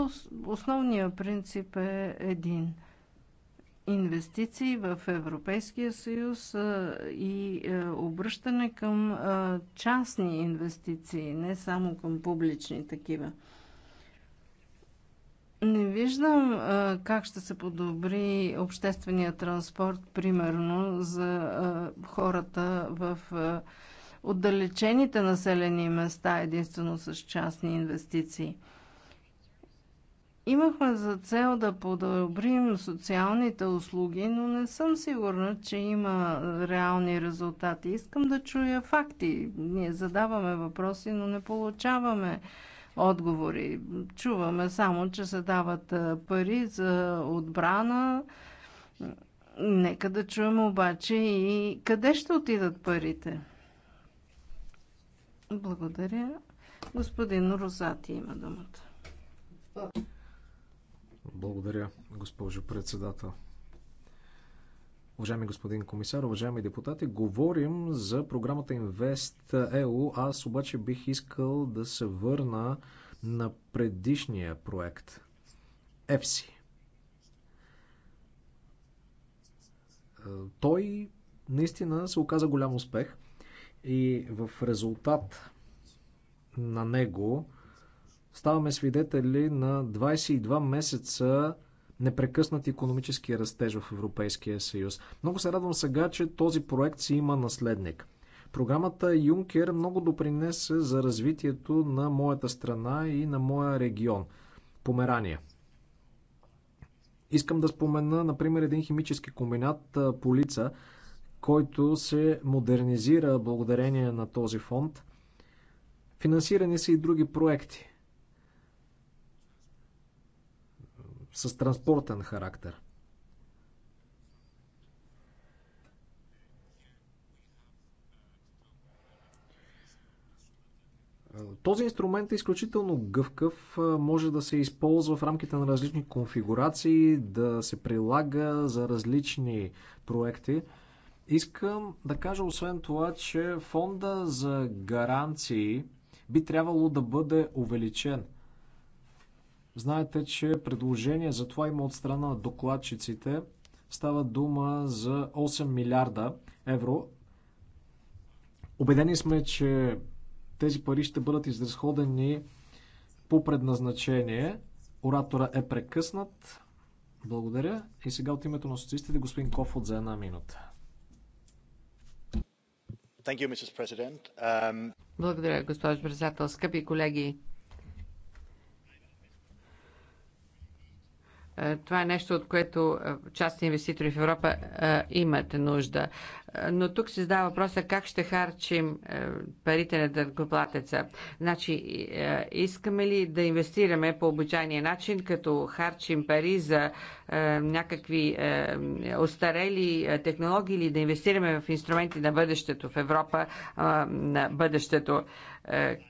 основният принцип е един – инвестиции в Европейския съюз и обръщане към частни инвестиции, не само към публични такива. Не виждам а, как ще се подобри обществения транспорт, примерно, за а, хората в а, отдалечените населени места, единствено с частни инвестиции. Имахме за цел да подобрим социалните услуги, но не съм сигурна, че има реални резултати. Искам да чуя факти. Ние задаваме въпроси, но не получаваме отговори. Чуваме само, че се дават пари за отбрана. Нека да чуем обаче и къде ще отидат парите. Благодаря. Господин Розати има думата. Благодаря, госпожо председател. Уважаеми господин комисар, уважаеми депутати, говорим за програмата Invest EU. Аз обаче бих искал да се върна на предишния проект EFSI. Той наистина се оказа голям успех и в резултат на него ставаме свидетели на 22 месеца непрекъснат економически растеж в Европейския съюз. Много се радвам сега, че този проект си има наследник. Програмата Юнкер много допринесе за развитието на моята страна и на моя регион – Померания. Искам да спомена, например, един химически комбинат Полица, който се модернизира благодарение на този фонд. Финансирани са и други проекти. с транспортен характер. Този инструмент е изключително гъвкав, може да се използва в рамките на различни конфигурации, да се прилага за различни проекти. Искам да кажа освен това, че фонда за гаранции би трябвало да бъде увеличен – Знаете, че предложение за това има от страна на докладчиците. Става дума за 8 милиарда евро. Обедени сме, че тези пари ще бъдат изразходени по предназначение. Оратора е прекъснат. Благодаря. И сега от името на социалистите господин Кофот за една минута. Um, Благодаря, госпожо председател. Скъпи колеги, Е, това е нещо, от което е, частни инвеститори в Европа е, имат нужда. Но тук се задава въпроса как ще харчим парите на дъргоплатеца. Значи, искаме ли да инвестираме по обичайния начин, като харчим пари за някакви остарели технологии или да инвестираме в инструменти на бъдещето в Европа, на бъдещето,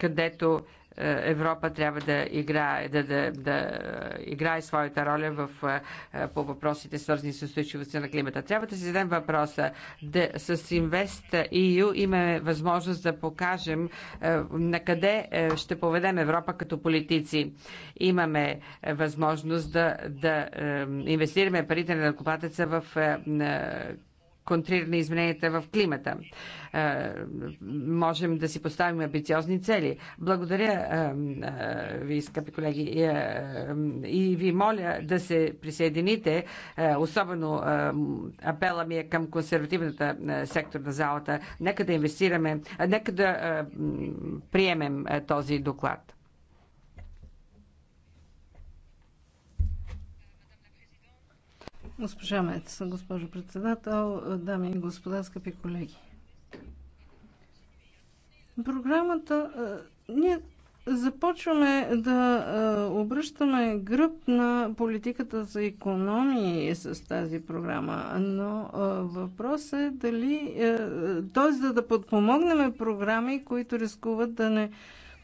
където е, Европа трябва да играе, да, да, да играе своята роля в, е, е, по въпросите, свързани с устойчивостта на климата. Трябва да си зададем въпроса. Да, с Invest EU имаме възможност да покажем на къде ще поведем Европа като политици. Имаме възможност да, да инвестираме парите на накопатеца в контриране измененията в климата. Е, можем да си поставим амбициозни цели. Благодаря е, е, ви, скъпи колеги, и ви моля да се присъедините. Особено апела ми е към консервативната сектор на залата. Нека да инвестираме, нека да приемем този доклад. Госпожа Мец, госпожо председател, дами и господа, скъпи колеги. Програмата... Е, ние започваме да е, обръщаме гръб на политиката за економии с тази програма, но е, въпрос е дали... Т.е. за да подпомогнем програми, които рискуват да не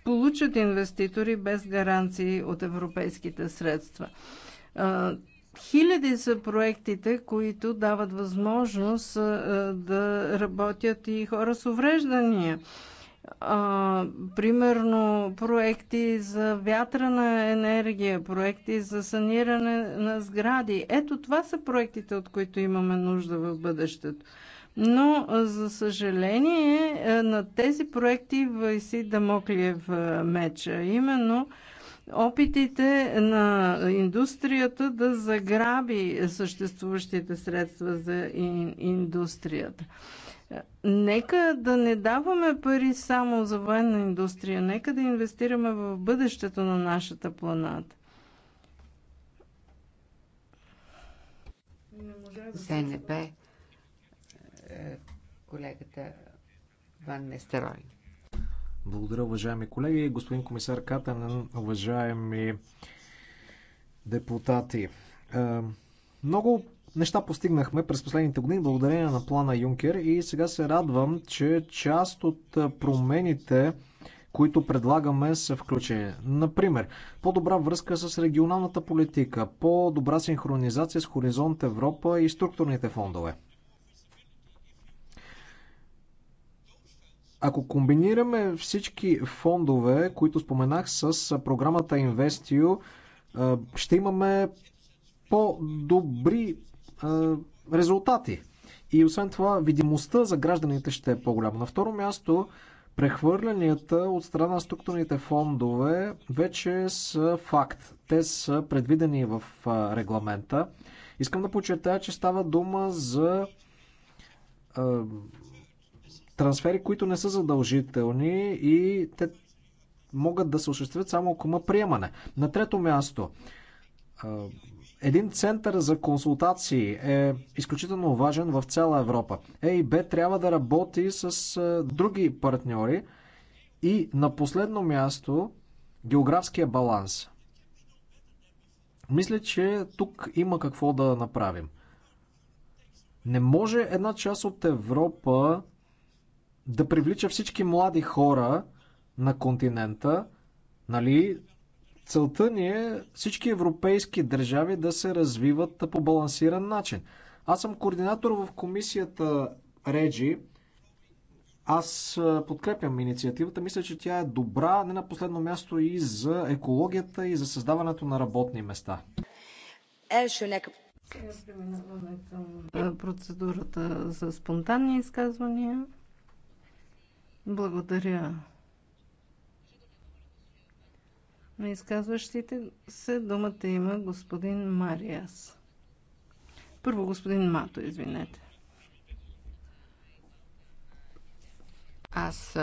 получат инвеститори без гаранции от европейските средства Хиляди са проектите, които дават възможност да работят и хора с увреждания. А, примерно проекти за вятрана енергия, проекти за саниране на сгради. Ето това са проектите, от които имаме нужда в бъдещето. Но, за съжаление, на тези проекти виси дамоклиев меча. Именно опитите на индустрията да заграби съществуващите средства за индустрията. Нека да не даваме пари само за военна индустрия, нека да инвестираме в бъдещето на нашата планата. СНП, е, колегата Ван Нестерой. Благодаря, уважаеми колеги. Господин комисар Катанен, уважаеми депутати. Е, много неща постигнахме през последните години благодарение на плана Юнкер и сега се радвам, че част от промените, които предлагаме, са включени. Например, по-добра връзка с регионалната политика, по-добра синхронизация с Хоризонт Европа и структурните фондове. Ако комбинираме всички фондове, които споменах с програмата Investio, ще имаме по-добри резултати. И освен това, видимостта за гражданите ще е по-голяма. На второ място, прехвърлянията от страна на структурните фондове вече са факт. Те са предвидени в регламента. Искам да подчертая, че става дума за трансфери, които не са задължителни и те могат да се осъществят само ако има приемане. На трето място, един център за консултации е изключително важен в цяла Европа. Е Б трябва да работи с други партньори и на последно място географския баланс. Мисля, че тук има какво да направим. Не може една част от Европа да привлича всички млади хора на континента, нали? Целта ни е всички европейски държави да се развиват по балансиран начин. Аз съм координатор в комисията Реджи. Аз подкрепям инициативата. Мисля, че тя е добра, не на последно място и за екологията, и за създаването на работни места. Е, ще Процедурата за спонтанни изказвания. Благодаря на изказващите се. Думата има господин Мариас. Първо господин Мато, извинете. Аз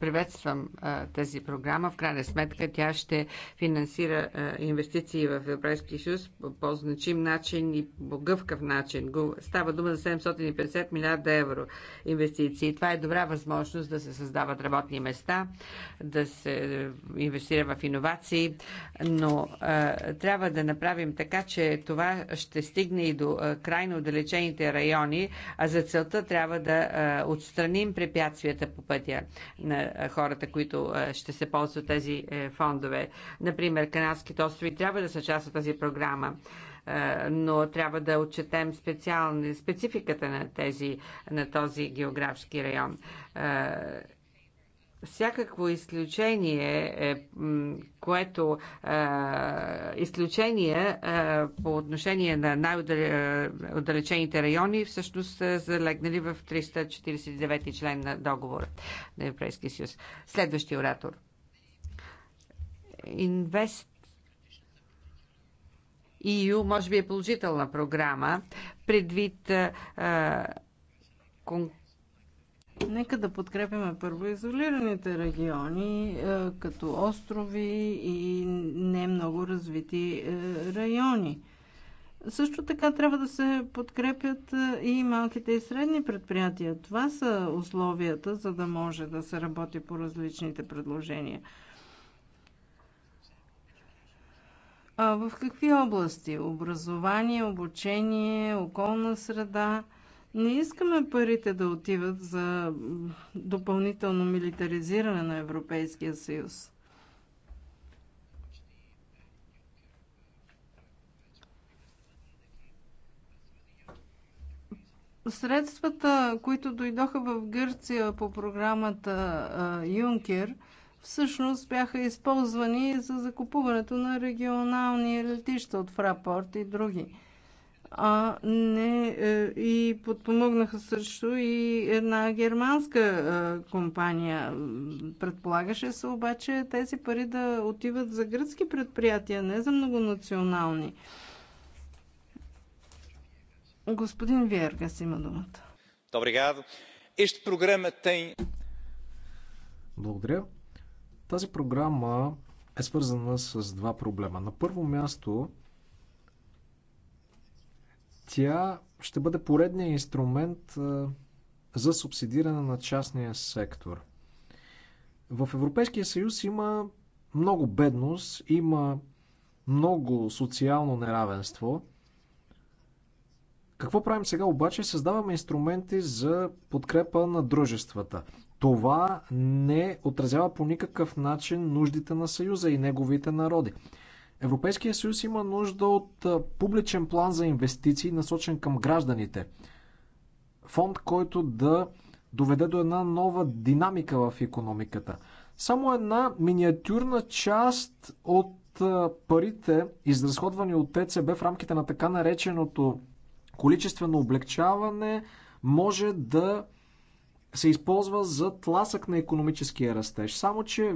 приветствам тази програма. В крайна сметка тя ще финансира инвестиции в Европейския съюз по по-значим начин и по гъвкав начин. Става дума за 750 милиарда евро инвестиции. Това е добра възможност да се създават работни места, да се инвестира в иновации, но трябва да направим така, че това ще стигне и до крайно отдалечените райони, а за целта трябва да отстраним препятствията препятствията по пътя на хората, които ще се ползват тези е, фондове. Например, Канадските острови трябва да са част от тази програма но трябва да отчетем специални, спецификата на, тези, на този географски район всякакво изключение, е, което изключение по отношение на най-отдалечените райони, всъщност са залегнали в 349 член на договора на Европейския съюз. Следващия оратор. Инвест EU може би е положителна програма, предвид а, Нека да подкрепяме първо изолираните региони, е, като острови и не много развити е, райони. Също така трябва да се подкрепят е, и малките и средни предприятия. Това са условията, за да може да се работи по различните предложения. А в какви области? Образование, обучение, околна среда – не искаме парите да отиват за допълнително милитаризиране на Европейския съюз. Средствата, които дойдоха в Гърция по програмата Юнкер, всъщност бяха използвани за закупуването на регионални летища от Фрапорт и други а не е, и подпомогнаха също и една германска е, компания. Предполагаше се обаче тези пари да отиват за гръцки предприятия, не за многонационални. Господин Виергас има думата. Добре, Ищ програма тъй. Благодаря. Тази програма е свързана с два проблема. На първо място тя ще бъде поредният инструмент за субсидиране на частния сектор. В Европейския съюз има много бедност, има много социално неравенство. Какво правим сега обаче? Създаваме инструменти за подкрепа на дружествата. Това не отразява по никакъв начин нуждите на Съюза и неговите народи. Европейския съюз има нужда от публичен план за инвестиции, насочен към гражданите. Фонд, който да доведе до една нова динамика в економиката. Само една миниатюрна част от парите, изразходвани от ЕЦБ в рамките на така нареченото количествено облегчаване, може да се използва за тласък на економическия растеж. Само, че